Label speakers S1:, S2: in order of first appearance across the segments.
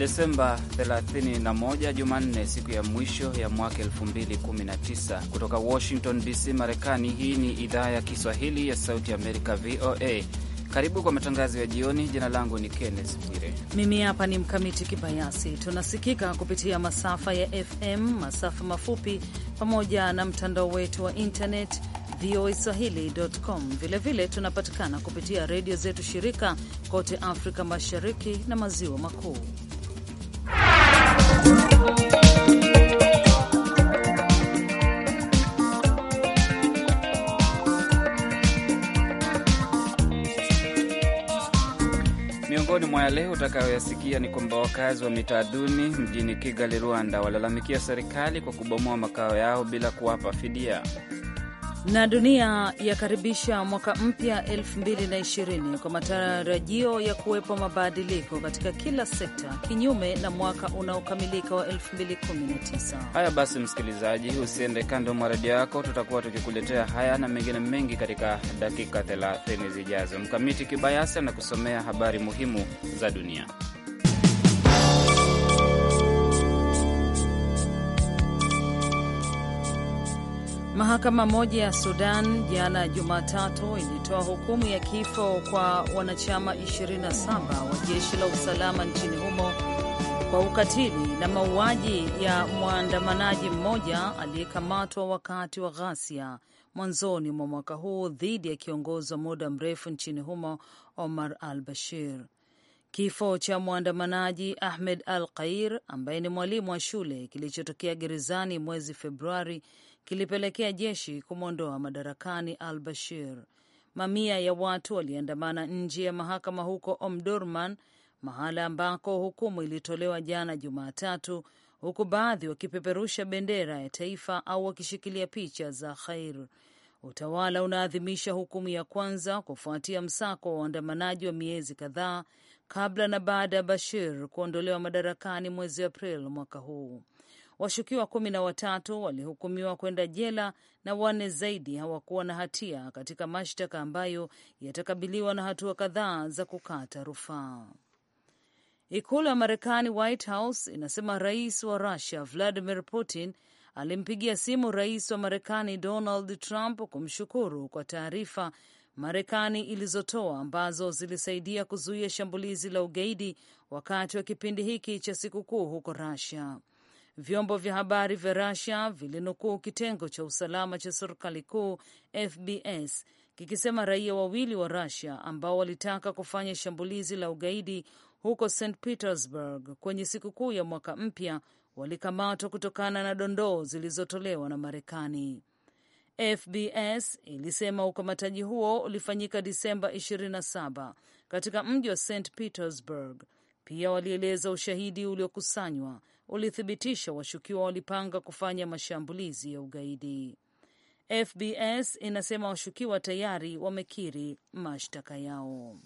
S1: Desemba 31, Jumanne, siku ya mwisho ya mwaka 2019. Kutoka Washington DC, Marekani. Hii ni idhaa ya Kiswahili ya Sauti Amerika, VOA. Karibu kwa matangazo ya jioni. Jina langu ni Kenneth Bwire,
S2: mimi hapa ni Mkamiti Kibayasi. Tunasikika kupitia masafa ya FM, masafa mafupi, pamoja na mtandao wetu wa internet voaswahili.com. Vilevile tunapatikana kupitia redio zetu shirika kote Afrika Mashariki na Maziwa Makuu.
S1: Miongoni mwa yale utakayoyasikia ni kwamba wakazi wa mitaa duni mjini Kigali, Rwanda, walalamikia serikali kwa kubomoa makao yao bila kuwapa fidia
S2: na dunia yakaribisha mwaka mpya 2020 kwa matarajio ya kuwepo mabadiliko katika kila sekta, kinyume na mwaka unaokamilika wa 2019.
S1: Haya basi, msikilizaji, usiende kando mwa redio yako, tutakuwa tukikuletea haya na mengine mengi katika dakika 30 zijazo. Mkamiti Kibayasi anakusomea habari muhimu za dunia.
S2: Mahakama moja ya Sudan jana Jumatatu ilitoa hukumu ya kifo kwa wanachama 27 wa jeshi la usalama nchini humo kwa ukatili na mauaji ya mwandamanaji mmoja aliyekamatwa wakati wa ghasia mwanzoni mwa mwaka huu dhidi ya kiongozi wa muda mrefu nchini humo Omar al Bashir. Kifo cha mwandamanaji Ahmed al Qair ambaye ni mwalimu wa shule kilichotokea gerezani mwezi Februari kilipelekea jeshi kumwondoa madarakani al Bashir. Mamia ya watu waliandamana nje ya mahakama huko Omdurman, mahala ambako hukumu ilitolewa jana Jumatatu, huku baadhi wakipeperusha bendera ya taifa au wakishikilia picha za Khair. Utawala unaadhimisha hukumu ya kwanza kufuatia msako wa waandamanaji wa miezi kadhaa kabla na baada ya Bashir kuondolewa madarakani mwezi Aprili mwaka huu. Washukiwa kumi na watatu walihukumiwa kwenda jela na wanne zaidi hawakuwa na hatia katika mashtaka ambayo yatakabiliwa na hatua kadhaa za kukata rufaa. Ikulu ya Marekani, White House, inasema rais wa Russia Vladimir Putin alimpigia simu rais wa Marekani Donald Trump kumshukuru kwa taarifa Marekani ilizotoa ambazo zilisaidia kuzuia shambulizi la ugaidi wakati wa kipindi hiki cha sikukuu huko Russia. Vyombo vya habari vya Rusia vilinukuu kitengo cha usalama cha serikali kuu FBS kikisema raia wawili wa Rusia ambao walitaka kufanya shambulizi la ugaidi huko St Petersburg kwenye sikukuu ya mwaka mpya walikamatwa kutokana na dondoo zilizotolewa na Marekani. FBS ilisema ukamataji huo ulifanyika Disemba 27 katika mji wa St Petersburg. Pia walieleza ushahidi uliokusanywa ulithibitisha washukiwa walipanga kufanya mashambulizi ya ugaidi. FBS inasema washukiwa tayari wamekiri mashtaka yao.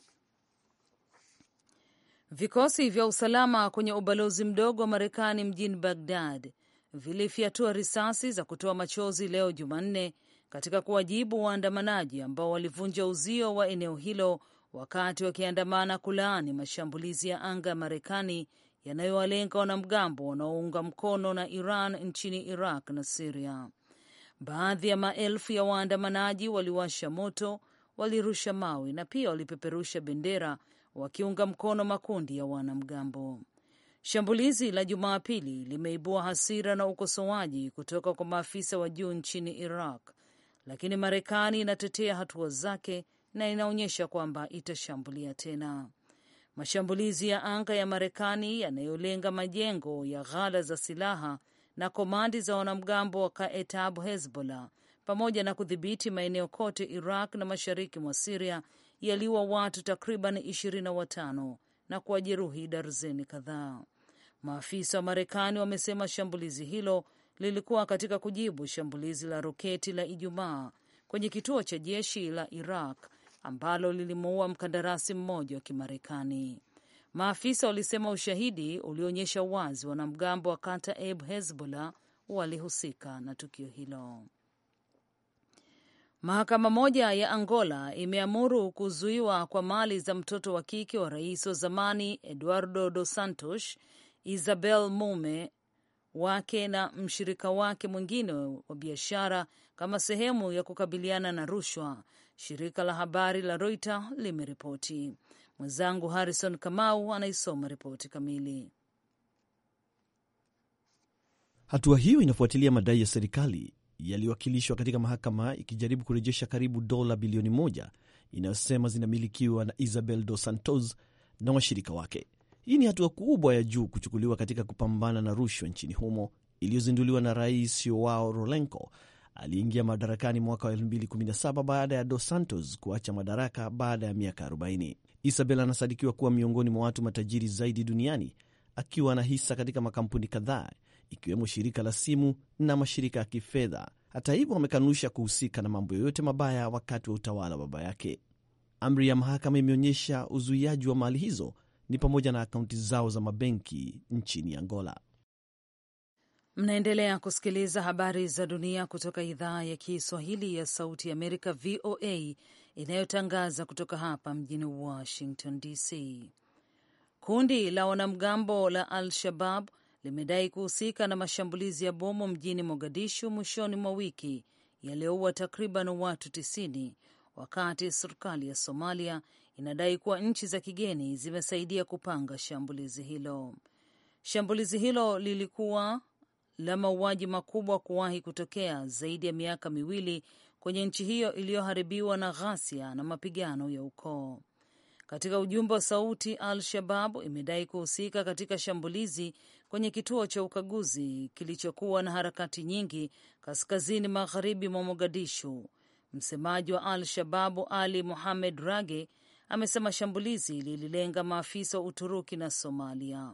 S2: Vikosi vya usalama kwenye ubalozi mdogo wa Marekani mjini Bagdad vilifyatua risasi za kutoa machozi leo Jumanne katika kuwajibu waandamanaji ambao walivunja uzio wa eneo hilo wakati wakiandamana kulaani mashambulizi ya anga ya Marekani yanayowalenga wanamgambo wanaounga mkono na Iran nchini Iraq na Siria. Baadhi ya maelfu ya waandamanaji waliwasha moto, walirusha mawe na pia walipeperusha bendera wakiunga mkono makundi ya wanamgambo. Shambulizi la Jumapili limeibua hasira na ukosoaji kutoka kwa maafisa wa juu nchini Iraq, lakini Marekani inatetea hatua zake na inaonyesha kwamba itashambulia tena. Mashambulizi ya anga ya Marekani yanayolenga majengo ya ghala za silaha na komandi za wanamgambo wa Kaetab Hezbollah pamoja na kudhibiti maeneo kote Iraq na mashariki mwa Siria yaliwa watu takriban ishirini na watano na kuwajeruhi darzeni kadhaa. Maafisa wa Marekani wamesema shambulizi hilo lilikuwa katika kujibu shambulizi la roketi la Ijumaa kwenye kituo cha jeshi la Iraq ambalo lilimuua mkandarasi mmoja wa Kimarekani. Maafisa walisema ushahidi ulionyesha wazi wanamgambo wa Eb Hezbollah walihusika na tukio hilo. Mahakama moja ya Angola imeamuru kuzuiwa kwa mali za mtoto wa kike wa rais wa zamani Eduardo Dos Santos, Isabel mume wake na mshirika wake mwingine wa biashara, kama sehemu ya kukabiliana na rushwa shirika la habari la Reuters limeripoti. Mwenzangu Harrison Kamau anaisoma ripoti kamili.
S3: Hatua hiyo inafuatilia madai ya serikali yaliyowakilishwa katika mahakama ikijaribu kurejesha karibu dola bilioni moja inayosema zinamilikiwa na Isabel Dos Santos na washirika wake. Hii ni hatua kubwa ya juu kuchukuliwa katika kupambana na rushwa nchini humo iliyozinduliwa na Rais wao Rolenko aliingia madarakani mwaka wa 2017 baada ya Dos Santos kuacha madaraka baada ya miaka 40. Isabel anasadikiwa kuwa miongoni mwa watu matajiri zaidi duniani akiwa na hisa katika makampuni kadhaa ikiwemo shirika la simu na mashirika ya kifedha. Hata hivyo, amekanusha kuhusika na mambo yoyote mabaya wakati wa utawala wa baba yake. Amri ya mahakama imeonyesha uzuiaji wa mali hizo ni pamoja na akaunti zao za mabenki nchini Angola.
S2: Mnaendelea kusikiliza habari za dunia kutoka idhaa ya Kiswahili ya Sauti Amerika, VOA, inayotangaza kutoka hapa mjini Washington DC. Kundi la wanamgambo la Al-Shabab limedai kuhusika na mashambulizi ya bomu mjini Mogadishu mwishoni mwa wiki yaliyoua takriban watu 90 wakati serikali ya Somalia inadai kuwa nchi za kigeni zimesaidia kupanga shambulizi hilo. Shambulizi hilo lilikuwa la mauaji makubwa kuwahi kutokea zaidi ya miaka miwili kwenye nchi hiyo iliyoharibiwa na ghasia na mapigano ya ukoo. Katika ujumbe wa sauti, Al Shabab imedai kuhusika katika shambulizi kwenye kituo cha ukaguzi kilichokuwa na harakati nyingi kaskazini magharibi mwa Mogadishu. Msemaji wa Al Shababu Ali muhamed Rage amesema shambulizi lililenga maafisa wa Uturuki na Somalia.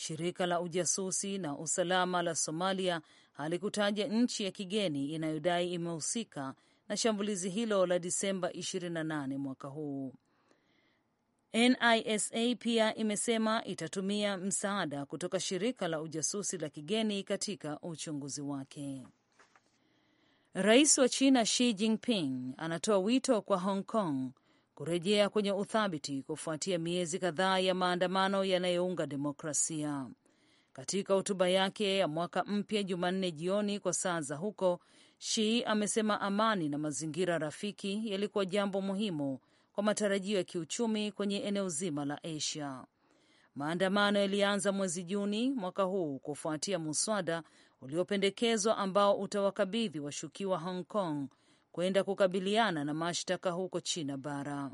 S2: Shirika la ujasusi na usalama la Somalia halikutaja nchi ya kigeni inayodai imehusika na shambulizi hilo la Disemba 28 mwaka huu. NISA pia imesema itatumia msaada kutoka shirika la ujasusi la kigeni katika uchunguzi wake. Rais wa China Xi Jinping anatoa wito kwa Hong Kong kurejea kwenye uthabiti kufuatia miezi kadhaa ya maandamano yanayounga demokrasia. Katika hotuba yake ya mwaka mpya Jumanne jioni kwa saa za huko, shi amesema amani na mazingira rafiki yalikuwa jambo muhimu kwa matarajio ya kiuchumi kwenye eneo zima la Asia. Maandamano yalianza mwezi Juni mwaka huu kufuatia muswada uliopendekezwa ambao utawakabidhi washukiwa Hong Kong kwenda kukabiliana na mashtaka huko China bara.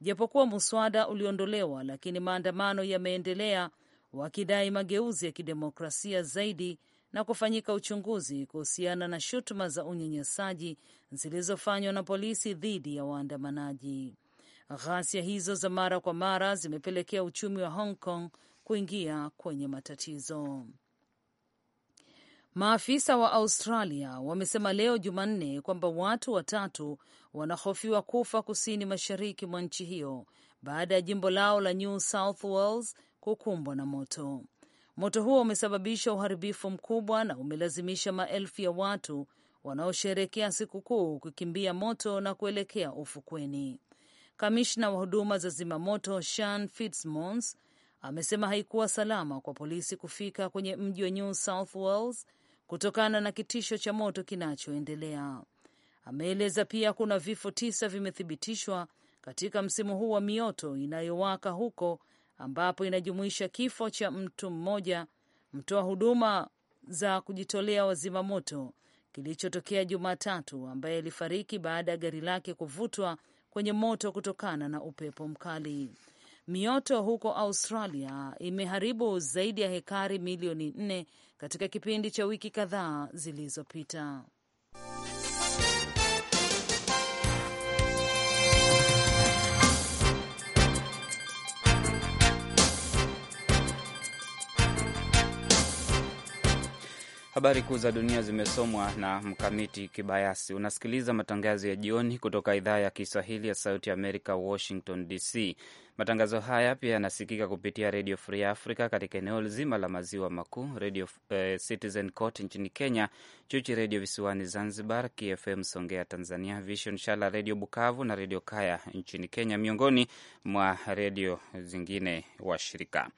S2: Japokuwa muswada uliondolewa, lakini maandamano yameendelea wakidai mageuzi ya kidemokrasia zaidi na kufanyika uchunguzi kuhusiana na shutuma za unyanyasaji zilizofanywa na polisi dhidi ya waandamanaji. Ghasia hizo za mara kwa mara zimepelekea uchumi wa Hong Kong kuingia kwenye matatizo. Maafisa wa Australia wamesema leo Jumanne kwamba watu watatu wanahofiwa kufa kusini mashariki mwa nchi hiyo baada ya jimbo lao la New South Wales kukumbwa na moto. Moto huo umesababisha uharibifu mkubwa na umelazimisha maelfu ya watu wanaosherekea sikukuu kukimbia moto na kuelekea ufukweni. Kamishna wa huduma za zimamoto Shan Fitzmons amesema haikuwa salama kwa polisi kufika kwenye mji wa New South Wales kutokana na kitisho cha moto kinachoendelea. Ameeleza pia kuna vifo tisa vimethibitishwa katika msimu huu wa mioto inayowaka huko, ambapo inajumuisha kifo cha mtu mmoja mtoa huduma za kujitolea wazima moto kilichotokea Jumatatu, ambaye alifariki baada ya gari lake kuvutwa kwenye moto kutokana na upepo mkali. Mioto huko Australia imeharibu zaidi ya hekari milioni nne katika kipindi cha wiki kadhaa zilizopita.
S1: Habari kuu za dunia zimesomwa na Mkamiti Kibayasi. Unasikiliza matangazo ya jioni kutoka idhaa ya Kiswahili ya Sauti Amerika, Washington DC. Matangazo haya pia yanasikika kupitia Redio Free Africa katika eneo zima la maziwa makuu, Radio eh, Citizen Court nchini Kenya, Chuchi Redio visiwani Zanzibar, KFM Songea Tanzania, Vision Shala Redio Bukavu na Redio Kaya nchini Kenya, miongoni mwa redio zingine washirika.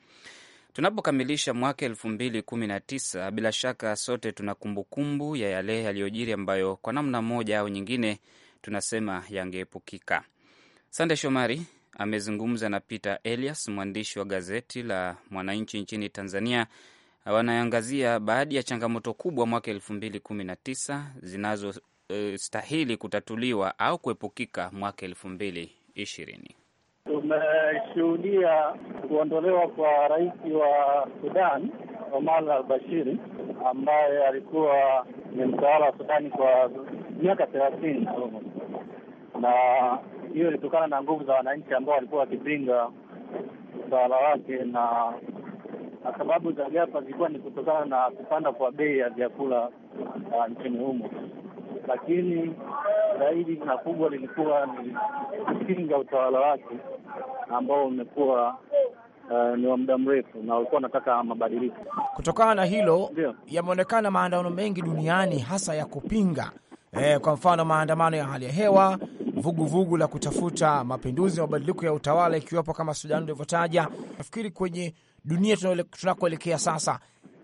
S1: Tunapokamilisha mwaka elfu mbili kumi na tisa, bila shaka sote tuna kumbukumbu ya yale yaliyojiri ambayo kwa namna moja au nyingine tunasema yangeepukika. Sande Shomari amezungumza na Peter Elias, mwandishi wa gazeti la Mwananchi nchini Tanzania. Wanaangazia baadhi ya changamoto kubwa mwaka elfu mbili kumi na tisa zinazostahili uh, kutatuliwa au kuepukika mwaka elfu mbili ishirini.
S4: Tumeshuhudia kuondolewa kwa rais wa Sudan Omar al Bashiri ambaye alikuwa ni mtawala wa Sudani kwa miaka thelathini na hiyo ilitokana na nguvu za wananchi ambao walikuwa wakipinga utawala wake, na na sababu za gafa zilikuwa ni kutokana na kupanda kwa bei ya vyakula uh, nchini humo, lakini zaidi na kubwa lilikuwa ni kupinga utawala wake ambao umekuwa uh, ni wa muda mrefu na walikuwa
S5: wanataka mabadiliko. Kutokana na hilo, yameonekana maandamano mengi duniani hasa ya kupinga eh, kwa mfano maandamano ya hali ya hewa, vuguvugu vugu la kutafuta mapinduzi na mabadiliko ya utawala, ikiwapo kama Sudan ulivyotaja. Nafikiri kwenye dunia tunakoelekea sasa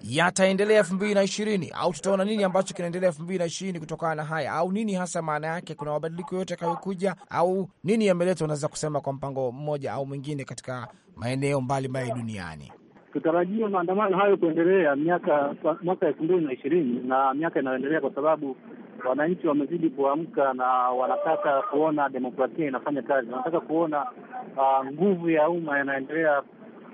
S5: yataendelea na ishirini au tutaona nini ambacho kinaendelea na ishirini kutokana na haya, au nini hasa maana yake? Kuna mabadiliko yote yakayokuja au nini yameletwa, unaweza kusema kwa mpango mmoja au mwingine, katika maeneo mbalimbali duniani?
S4: Tutarajia maandamano hayo kuendelea miaka mwaka elfu mbili na ishirini na miaka inayoendelea, kwa sababu wananchi wamezidi kuamka na wanataka kuona demokrasia inafanya kazi, wanataka kuona uh, nguvu ya umma yanaendelea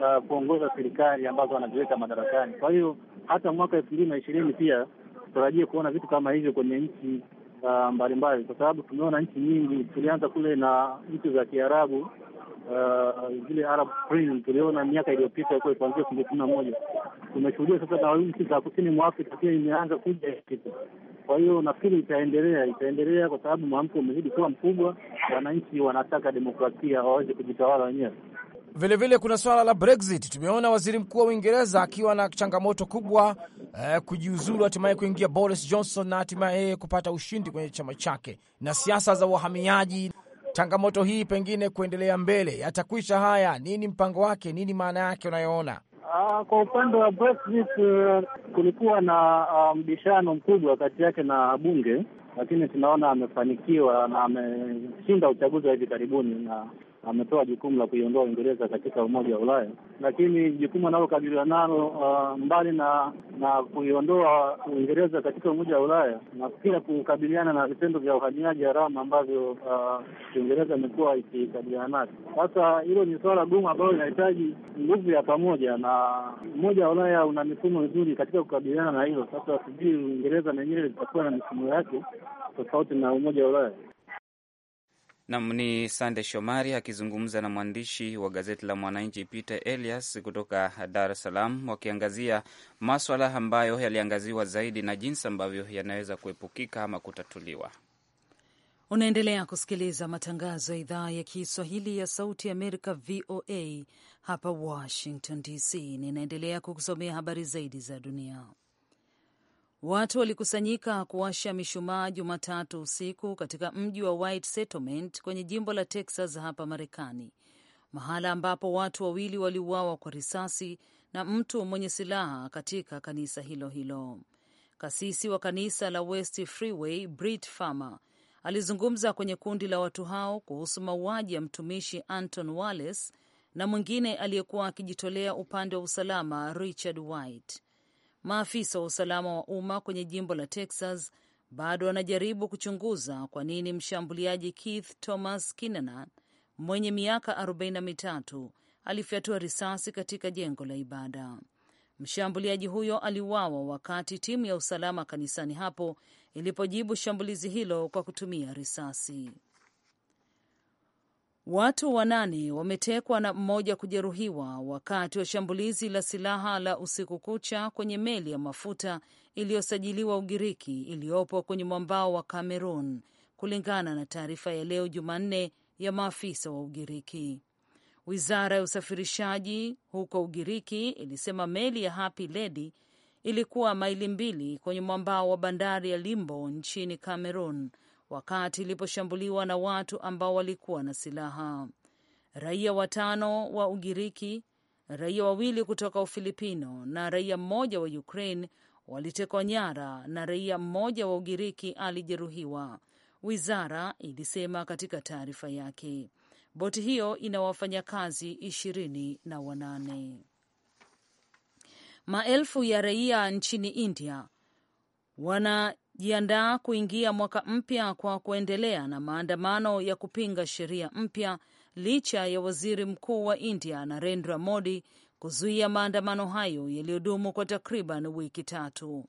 S4: uh, kuongoza serikali ambazo wanaziweka madarakani. Kwa hiyo hata mwaka elfu mbili na ishirini pia tutarajie kuona vitu kama hivyo kwenye nchi uh, mbalimbali, kwa sababu tumeona nchi nyingi. Tulianza kule na nchi za Kiarabu uh, zile uh, Arab Spring tuliona miaka iliyopita kuanzia elfu mbili kumi na moja. Tumeshuhudia sasa na nchi za kusini mwa Afrika pia imeanza kuja kitu. Kwa hiyo nafikiri itaendelea, itaendelea kwa sababu mwamko umezidi kuwa mkubwa. Wananchi wanataka demokrasia, waweze kujitawala wenyewe
S5: vilevile vile kuna swala la Brexit. Tumeona waziri mkuu wa Uingereza akiwa na changamoto kubwa eh, kujiuzuru hatimaye kuingia Boris Johnson na hatimaye yeye kupata ushindi kwenye chama chake, na siasa za uhamiaji changamoto hii pengine kuendelea mbele. Yatakwisha haya? Nini mpango wake? Nini maana yake unayoona?
S4: Uh, kwa upande wa Brexit uh, kulikuwa na ah, mbishano um, mkubwa kati yake na bunge, lakini tunaona amefanikiwa na ameshinda uchaguzi wa hivi karibuni, na amepewa jukumu la kuiondoa Uingereza katika Umoja wa Ulaya, lakini jukumu analokabiliwa nalo uh, mbali na na kuiondoa Uingereza katika Umoja wa Ulaya na pia kukabiliana na vitendo vya uhamiaji haramu ambavyo uh, Uingereza uh, imekuwa ikikabiliana nazo. Sasa hilo ni suala gumu ambalo linahitaji nguvu ya pamoja, na Umoja wa Ulaya una mifumo mizuri katika kukabiliana na hilo. Sasa sijui Uingereza na yenyewe litakuwa na mifumo yake tofauti na Umoja wa Ulaya.
S1: Nam ni Sande Shomari akizungumza na mwandishi wa gazeti la Mwananchi Peter Elias kutoka Dar es Salaam, wakiangazia maswala ambayo yaliangaziwa zaidi na jinsi ambavyo yanaweza kuepukika ama kutatuliwa.
S2: Unaendelea kusikiliza matangazo ya idhaa ya Kiswahili ya Sauti ya Amerika, VOA hapa Washington DC. Ninaendelea kukusomea habari zaidi za dunia. Watu walikusanyika kuwasha mishumaa Jumatatu usiku katika mji wa White Settlement kwenye jimbo la Texas hapa Marekani, mahala ambapo watu wawili waliuawa kwa risasi na mtu mwenye silaha katika kanisa hilo hilo. Kasisi wa kanisa la West Freeway Brit Farmer alizungumza kwenye kundi la watu hao kuhusu mauaji ya mtumishi Anton Wallace na mwingine aliyekuwa akijitolea upande wa usalama Richard White. Maafisa wa usalama wa umma kwenye jimbo la Texas bado wanajaribu kuchunguza kwa nini mshambuliaji Keith Thomas Kinanan mwenye miaka 43 alifyatua risasi katika jengo la ibada. Mshambuliaji huyo aliuawa wakati timu ya usalama kanisani hapo ilipojibu shambulizi hilo kwa kutumia risasi. Watu wanane wametekwa na mmoja kujeruhiwa wakati wa shambulizi la silaha la usiku kucha kwenye meli ya mafuta iliyosajiliwa Ugiriki iliyopo kwenye mwambao wa Cameroon, kulingana na taarifa ya leo Jumanne ya maafisa wa Ugiriki. Wizara ya usafirishaji huko Ugiriki ilisema meli ya Happy Lady ilikuwa maili mbili kwenye mwambao wa bandari ya Limbo nchini Cameroon wakati iliposhambuliwa na watu ambao walikuwa na silaha. Raia watano wa Ugiriki, raia wawili kutoka Ufilipino na raia mmoja wa Ukraine walitekwa nyara na raia mmoja wa Ugiriki alijeruhiwa, wizara ilisema katika taarifa yake. Boti hiyo ina wafanyakazi ishirini na wanane. Maelfu ya raia nchini India wana jiandaa kuingia mwaka mpya kwa kuendelea na maandamano ya kupinga sheria mpya licha ya waziri mkuu wa India Narendra Modi kuzuia maandamano hayo yaliyodumu kwa takriban wiki tatu.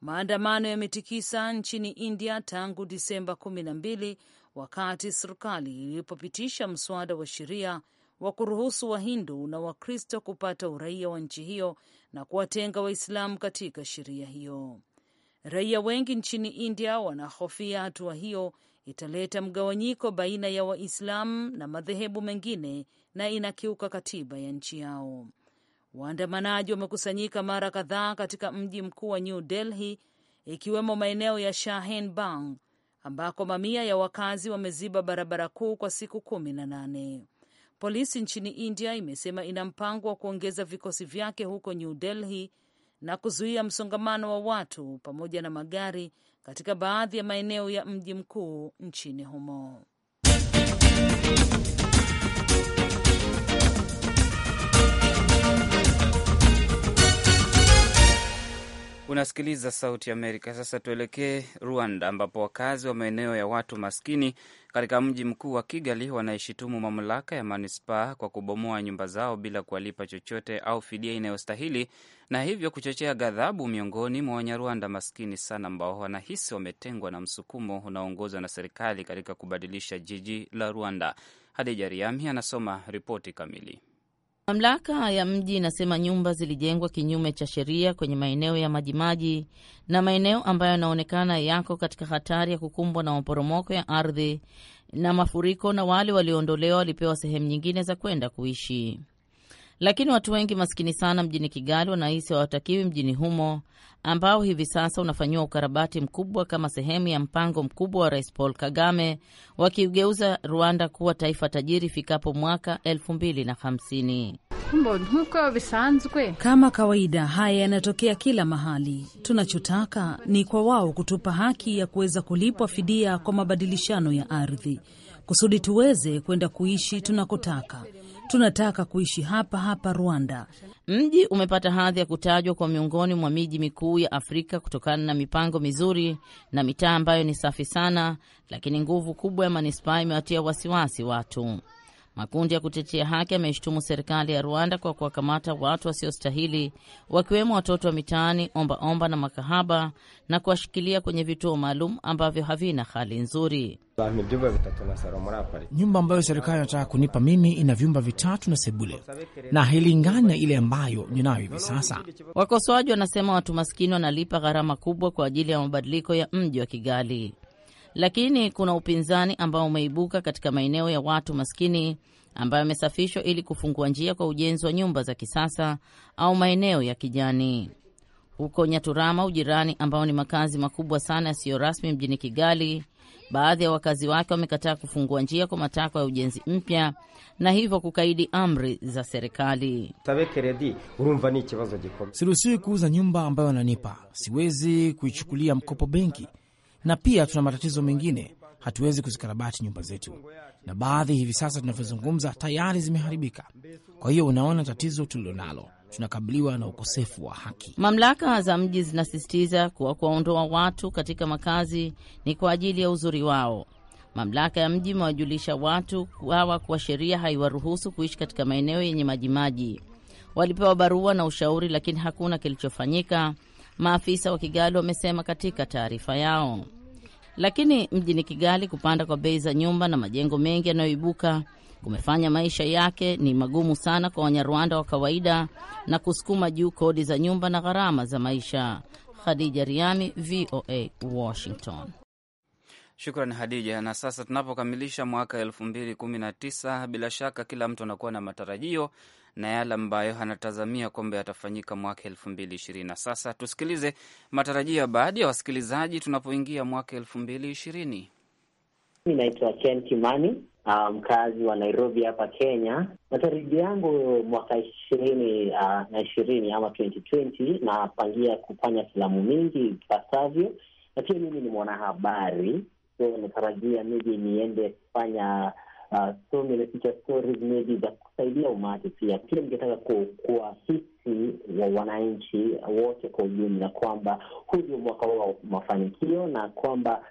S2: Maandamano yametikisa nchini India tangu Disemba kumi na mbili wakati serikali ilipopitisha mswada wa sheria wa kuruhusu Wahindu na Wakristo kupata uraia wa nchi hiyo na kuwatenga Waislamu katika sheria hiyo. Raia wengi nchini India wanahofia hatua hiyo italeta mgawanyiko baina ya Waislamu na madhehebu mengine na inakiuka katiba ya nchi yao. Waandamanaji wamekusanyika mara kadhaa katika mji mkuu wa New Delhi, ikiwemo maeneo ya Shaheen Bagh ambako mamia ya wakazi wameziba barabara kuu kwa siku kumi na nane. Polisi nchini India imesema ina mpango wa kuongeza vikosi vyake huko New Delhi na kuzuia msongamano wa watu pamoja na magari katika baadhi ya maeneo ya mji mkuu nchini humo.
S1: Unasikiliza Sauti Amerika. Sasa tuelekee Rwanda, ambapo wakazi wa maeneo ya watu maskini katika mji mkuu wa Kigali wanaishitumu mamlaka ya manispaa kwa kubomoa nyumba zao bila kuwalipa chochote au fidia inayostahili na hivyo kuchochea ghadhabu miongoni mwa Wanyarwanda maskini sana ambao wanahisi wametengwa na msukumo unaoongozwa na serikali katika kubadilisha jiji la Rwanda. Hadija Riami anasoma ripoti kamili.
S6: Mamlaka ya mji inasema nyumba zilijengwa kinyume cha sheria kwenye maeneo ya majimaji na maeneo ambayo yanaonekana yako katika hatari ya kukumbwa na maporomoko ya ardhi na mafuriko, na wale walioondolewa walipewa sehemu nyingine za kwenda kuishi. Lakini watu wengi maskini sana mjini Kigali wanahisi hawatakiwi mjini humo, ambao hivi sasa unafanyiwa ukarabati mkubwa kama sehemu ya mpango mkubwa wa Rais Paul Kagame wakigeuza Rwanda kuwa taifa tajiri ifikapo mwaka 2050.
S2: Kama kawaida, haya yanatokea kila mahali. Tunachotaka ni kwa wao kutupa haki ya kuweza kulipwa fidia kwa mabadilishano ya ardhi kusudi tuweze kwenda kuishi tunakotaka tunataka kuishi hapa hapa Rwanda. Mji umepata
S6: hadhi ya kutajwa kwa miongoni mwa miji mikuu ya Afrika kutokana na mipango mizuri na mitaa ambayo ni safi sana, lakini nguvu kubwa ya manispaa imewatia wasiwasi watu. Makundi ya kutetea haki yameshutumu serikali ya Rwanda kwa kuwakamata watu wasiostahili wakiwemo watoto wa mitaani, ombaomba na makahaba na kuwashikilia kwenye vituo maalum ambavyo havina hali nzuri.
S5: Nyumba ambayo serikali inataka kunipa mimi ina vyumba vitatu na sebule na hailingani na ile ambayo ninayo hivi
S6: sasa. Wakosoaji wanasema watu maskini wanalipa gharama kubwa kwa ajili ya mabadiliko ya mji wa Kigali lakini kuna upinzani ambao umeibuka katika maeneo ya watu maskini ambayo yamesafishwa ili kufungua njia kwa ujenzi wa nyumba za kisasa au maeneo ya kijani. Huko Nyaturama, ujirani ambao ni makazi makubwa sana yasiyo rasmi mjini Kigali, baadhi ya wakazi wake wamekataa kufungua njia kwa matakwa ya ujenzi mpya na hivyo kukaidi amri za serikali.
S5: Siruhusiwi kuuza nyumba ambayo wananipa, siwezi kuichukulia mkopo benki na pia tuna matatizo mengine, hatuwezi kuzikarabati nyumba zetu, na baadhi hivi sasa tunavyozungumza tayari zimeharibika. Kwa hiyo unaona tatizo tulilonalo tunakabiliwa na ukosefu wa haki.
S6: Mamlaka za mji zinasisitiza kuwa kuwaondoa watu katika makazi ni kwa ajili ya uzuri wao. Mamlaka ya mji imewajulisha watu hawa kuwa sheria haiwaruhusu kuishi katika maeneo yenye majimaji. Walipewa barua na ushauri, lakini hakuna kilichofanyika, maafisa wa Kigali wamesema katika taarifa yao. Lakini mjini Kigali, kupanda kwa bei za nyumba na majengo mengi yanayoibuka kumefanya maisha yake ni magumu sana kwa Wanyarwanda wa kawaida na kusukuma juu kodi za nyumba na gharama za maisha. Khadija Riami, VOA Washington.
S1: Shukran Hadija. Na sasa tunapokamilisha mwaka elfu mbili kumi na tisa, bila shaka kila mtu anakuwa na matarajio na yale ambayo anatazamia kwamba yatafanyika mwaka elfu mbili ishirini na sasa. Tusikilize matarajio ya baadhi ya wasikilizaji tunapoingia mwaka elfu mbili ishirini.
S4: Mi naitwa Ken Kimani, uh, mkazi um, wa Nairobi hapa Kenya. Matarajio yangu mwaka ishirini uh, na ishirini ama 2020 napangia kufanya filamu mingi ipasavyo, na pia mimi ni mwanahabari, so natarajia miji niende kufanya uh, so stori feature stories maybe za kusaidia umati pia, kile mngetaka kuwahisi wa wananchi wote kwa ujumla kwamba huu ndio mwaka wao wa mafanikio na kwamba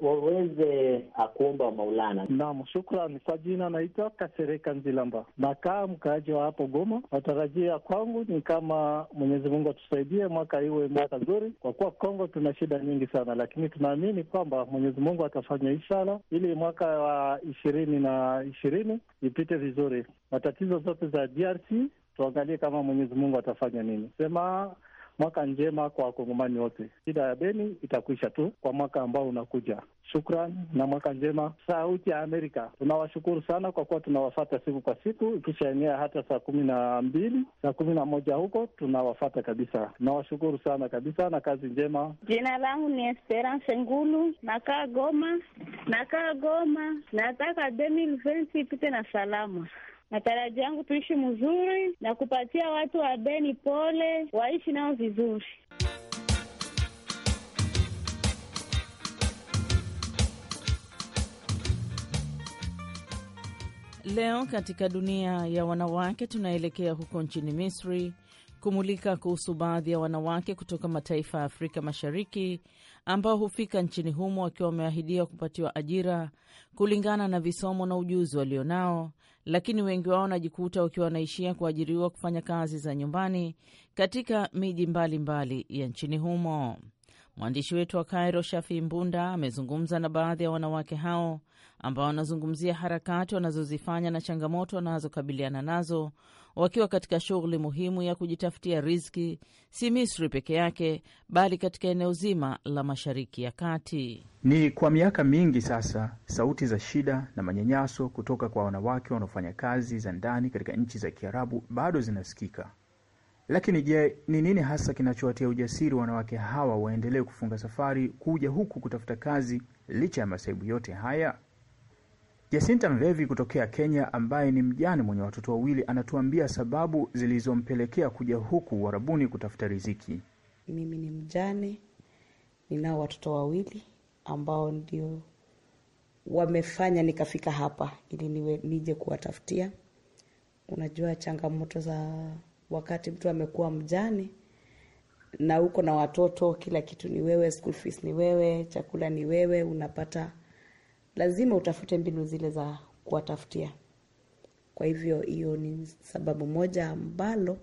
S4: waweze akuomba ah, Maulana. Naam, shukran. Kwa jina naitwa Kasereka Nzilamba, nakaa mkaaji wa hapo Goma. Matarajia kwangu ni kama Mwenyezi Mungu atusaidie mwaka iwe mwaka zuri kwa kuwa Kongo tuna shida nyingi sana, lakini tunaamini kwamba Mwenyezi Mungu atafanya ishara ili mwaka wa ishirini na ishirini ipite vizuri. Matatizo zote za DRC tuangalie kama Mwenyezi Mungu atafanya nini sema mwaka njema kwa wakongomani wote. Shida ya Beni itakwisha tu kwa mwaka ambao unakuja. Shukran na mwaka njema. Sauti ya Amerika, tunawashukuru sana kwa kuwa tunawafata siku kwa siku, ikishaenea hata saa kumi na mbili saa kumi na moja huko tunawafata kabisa. Tunawashukuru sana kabisa na kazi njema.
S6: Jina langu ni Esperance Ngulu, nakaa Goma, nakaa Goma. Nataka 2020 ipite na salama. Matarajio yangu tuishi mzuri na kupatia watu wa Beni pole, waishi nao vizuri. Leo katika dunia ya wanawake tunaelekea huko nchini Misri kumulika kuhusu baadhi ya wanawake kutoka mataifa ya Afrika Mashariki ambao hufika nchini humo wakiwa wameahidiwa kupatiwa ajira kulingana na visomo na ujuzi walionao, lakini wengi wao wanajikuta wakiwa wanaishia kuajiriwa kufanya kazi za nyumbani katika miji mbalimbali ya nchini humo. Mwandishi wetu wa Kairo, Shafi Mbunda, amezungumza na baadhi ya wanawake hao ambao wanazungumzia harakati wanazozifanya na changamoto wanazokabiliana nazo wakiwa katika shughuli muhimu ya kujitafutia riziki, si Misri peke yake, bali katika eneo zima la Mashariki ya Kati.
S3: Ni kwa miaka mingi sasa, sauti za shida na manyanyaso kutoka kwa wanawake wanaofanya kazi za ndani katika nchi za Kiarabu bado zinasikika. Lakini je, ni nini hasa kinachowatia ujasiri wanawake hawa waendelee kufunga safari kuja huku kutafuta kazi licha ya masaibu yote haya? Jacinta Mlevi kutokea Kenya ambaye ni mjane mwenye watoto wawili anatuambia sababu zilizompelekea kuja huku warabuni kutafuta riziki.
S7: Mimi ni mjane, ninao watoto wawili ambao ndio wamefanya nikafika hapa ili niwe nije kuwatafutia. Unajua changamoto za wakati mtu amekuwa mjane na uko na watoto, kila kitu ni wewe, school fees ni wewe, chakula ni wewe, unapata lazima utafute mbinu zile za kuwatafutia. Kwa hivyo hiyo ni sababu moja ambalo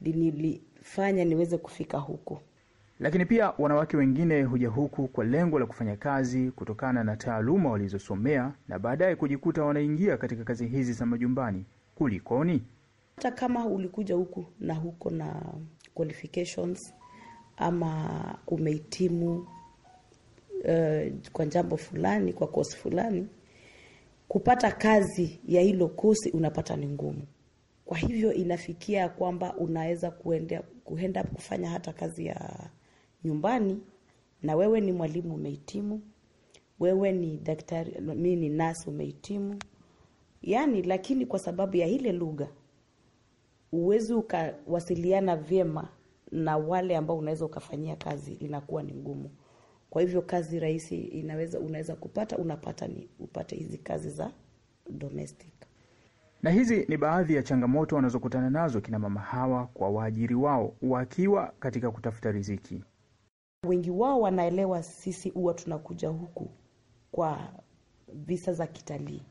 S7: nilifanya niweze kufika huku.
S3: Lakini pia wanawake wengine huja huku kwa lengo la kufanya kazi kutokana na taaluma walizosomea na baadaye kujikuta wanaingia katika kazi hizi za majumbani. Kulikoni?
S7: Hata kama ulikuja huku na huko na qualifications ama umehitimu uh, kwa jambo fulani, kwa kosi fulani, kupata kazi ya hilo kosi unapata ni ngumu. Kwa hivyo inafikia kwamba unaweza kuenda, kuenda kufanya hata kazi ya nyumbani, na wewe ni mwalimu umehitimu, wewe ni daktari, mimi ni nasi umehitimu, yani, lakini kwa sababu ya ile lugha uwezi ukawasiliana vyema na wale ambao unaweza ukafanyia kazi, inakuwa ni ngumu. Kwa hivyo kazi rahisi inaweza unaweza kupata unapata ni upate hizi kazi za domestic.
S3: Na hizi ni baadhi ya changamoto wanazokutana nazo kina mama hawa kwa waajiri wao wakiwa katika kutafuta riziki.
S7: Wengi wao wanaelewa sisi huwa tunakuja huku kwa visa za kitalii,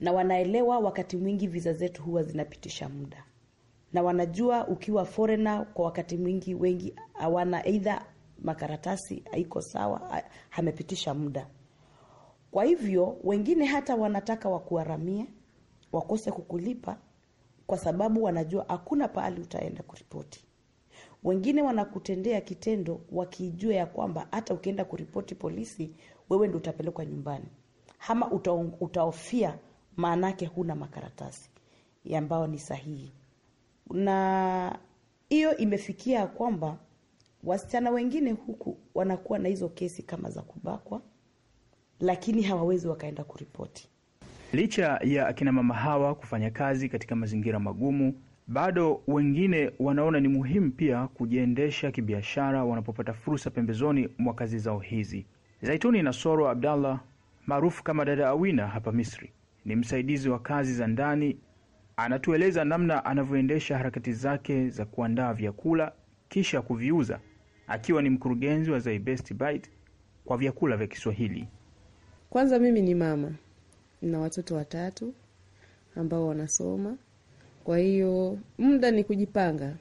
S7: na wanaelewa wakati mwingi visa zetu huwa zinapitisha muda, na wanajua ukiwa foreigner kwa wakati mwingi wengi hawana either makaratasi haiko sawa, amepitisha muda. Kwa hivyo wengine hata wanataka wakuharamie, wakose kukulipa kwa sababu wanajua hakuna pahali utaenda kuripoti. Wengine wanakutendea kitendo wakijua ya kwamba hata ukienda kuripoti polisi, wewe ndo utapelekwa nyumbani ama utaofia, maanake huna makaratasi ambayo ni sahihi, na hiyo imefikia ya kwamba Wasichana wengine huku wanakuwa na hizo kesi kama za kubakwa, lakini hawawezi wakaenda kuripoti.
S3: Licha ya akina mama hawa kufanya kazi katika mazingira magumu, bado wengine wanaona ni muhimu pia kujiendesha kibiashara wanapopata fursa pembezoni mwa kazi zao hizi. Zaituni na soro Abdallah maarufu kama Dada Awina hapa Misri ni msaidizi wa kazi za ndani. Anatueleza namna anavyoendesha harakati zake za kuandaa vyakula kisha kuviuza akiwa ni mkurugenzi wa The Best Bite kwa vyakula vya Kiswahili.
S7: Kwanza mimi ni mama, nina watoto watatu ambao wanasoma, kwa hiyo muda ni kujipanga.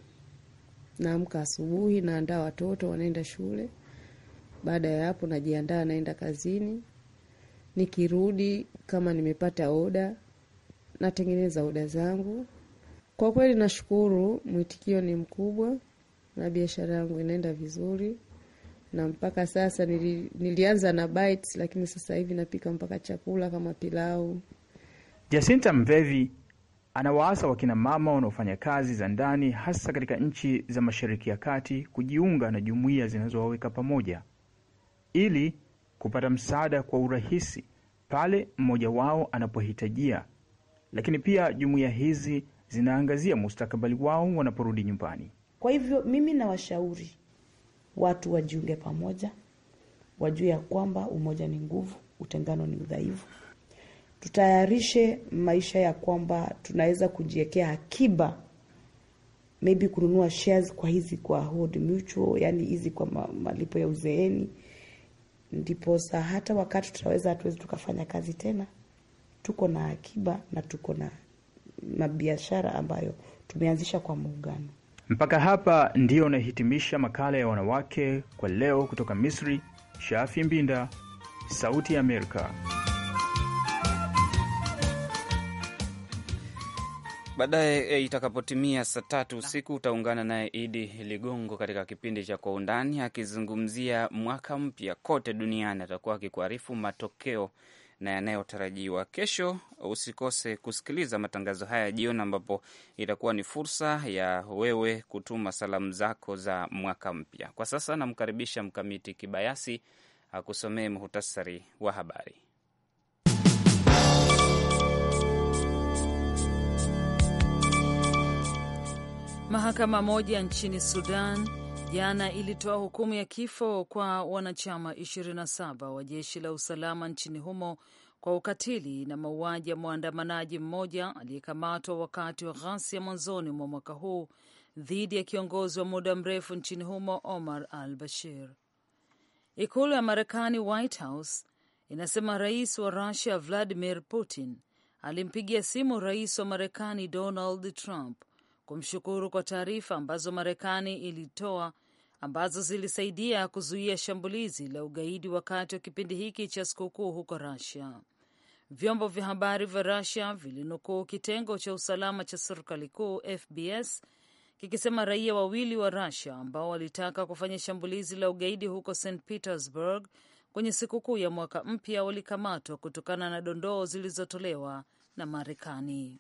S7: Naamka asubuhi, naandaa watoto wanaenda shule. Baada ya hapo, najiandaa naenda kazini. Nikirudi, kama nimepata oda, natengeneza oda zangu. Kwa kweli nashukuru, mwitikio ni mkubwa na biashara yangu inaenda vizuri, na mpaka sasa nili, nilianza na bites, lakini sasa hivi napika mpaka chakula kama pilau.
S3: Jacinta Mvevi anawaasa wakina mama wanaofanya kazi za ndani hasa katika nchi za Mashariki ya Kati kujiunga na jumuiya zinazowaweka pamoja ili kupata msaada kwa urahisi pale mmoja wao anapohitajia, lakini pia jumuiya hizi zinaangazia mustakabali wao wanaporudi nyumbani.
S7: Kwa hivyo mimi nawashauri watu wajiunge pamoja, wajue ya kwamba umoja ni nguvu, utengano ni udhaifu. Tutayarishe maisha ya kwamba tunaweza kujiwekea akiba, maybe kununua shares kwa hizi kwa Hold Mutual, yani hizi kwa malipo ya uzeeni, sa hata wakati tutaweza, hatuwezi tukafanya kazi tena, tuko na akiba na tuko na mabiashara ambayo tumeanzisha kwa muungano.
S3: Mpaka hapa ndiyo unahitimisha makala ya wanawake kwa leo kutoka Misri. Shafi Mbinda, Sauti ya Amerika.
S1: Baadaye e, itakapotimia saa tatu usiku utaungana naye Idi Ligongo katika kipindi cha Kwa Undani akizungumzia mwaka mpya kote duniani. Atakuwa akikuarifu matokeo na yanayotarajiwa. Kesho usikose kusikiliza matangazo haya jioni, ambapo itakuwa ni fursa ya wewe kutuma salamu zako za mwaka mpya. Kwa sasa namkaribisha Mkamiti Kibayasi akusomee muhtasari wa habari.
S2: Mahakama moja nchini Sudan Jana ilitoa hukumu ya kifo kwa wanachama 27 wa jeshi la usalama nchini humo kwa ukatili na mauaji ya mwandamanaji mmoja aliyekamatwa wakati wa ghasia mwanzoni mwa mwaka huu dhidi ya kiongozi wa muda mrefu nchini humo Omar al Bashir. Ikulu ya Marekani, White House, inasema rais wa Rusia Vladimir Putin alimpigia simu rais wa Marekani Donald Trump kumshukuru kwa taarifa ambazo Marekani ilitoa ambazo zilisaidia kuzuia shambulizi la ugaidi wakati wa kipindi hiki cha sikukuu huko Russia. Vyombo vya habari vya rasia vilinukuu kitengo cha usalama cha serikali kuu FBS kikisema raia wawili wa rasia ambao walitaka kufanya shambulizi la ugaidi huko St Petersburg kwenye sikukuu ya mwaka mpya walikamatwa kutokana na dondoo zilizotolewa na Marekani.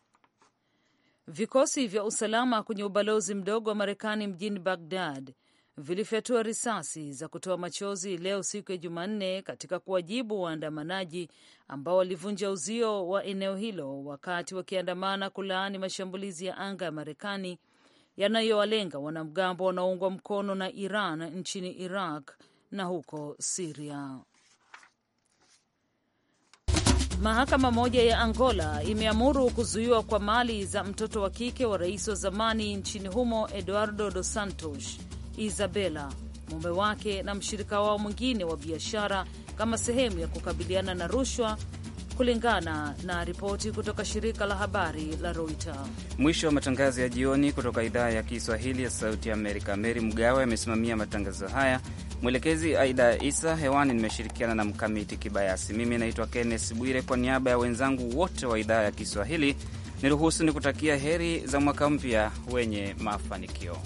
S2: Vikosi vya usalama kwenye ubalozi mdogo wa Marekani mjini Bagdad vilifyatua risasi za kutoa machozi leo siku ya Jumanne katika kuwajibu waandamanaji ambao walivunja uzio wa eneo hilo wakati wakiandamana kulaani mashambulizi ya anga ya Marekani yanayowalenga wanamgambo wanaoungwa mkono na Iran nchini Iraq na huko Siria. Mahakama moja ya Angola imeamuru kuzuiwa kwa mali za mtoto wa kike wa rais wa zamani nchini humo Eduardo Dos Santos, Isabela, mume wake na mshirika wao mwingine wa biashara kama sehemu ya kukabiliana na rushwa kulingana na ripoti kutoka shirika la habari la Reuters.
S1: Mwisho wa matangazo ya jioni kutoka idhaa ya Kiswahili ya Sauti ya Amerika. Meri Mgawe amesimamia matangazo haya. Mwelekezi Aida Isa hewani, nimeshirikiana na Mkamiti Kibayasi. Mimi naitwa Kennes Bwire, kwa niaba ya wenzangu wote wa idhaa ya Kiswahili niruhusu nikutakia heri za mwaka mpya wenye mafanikio.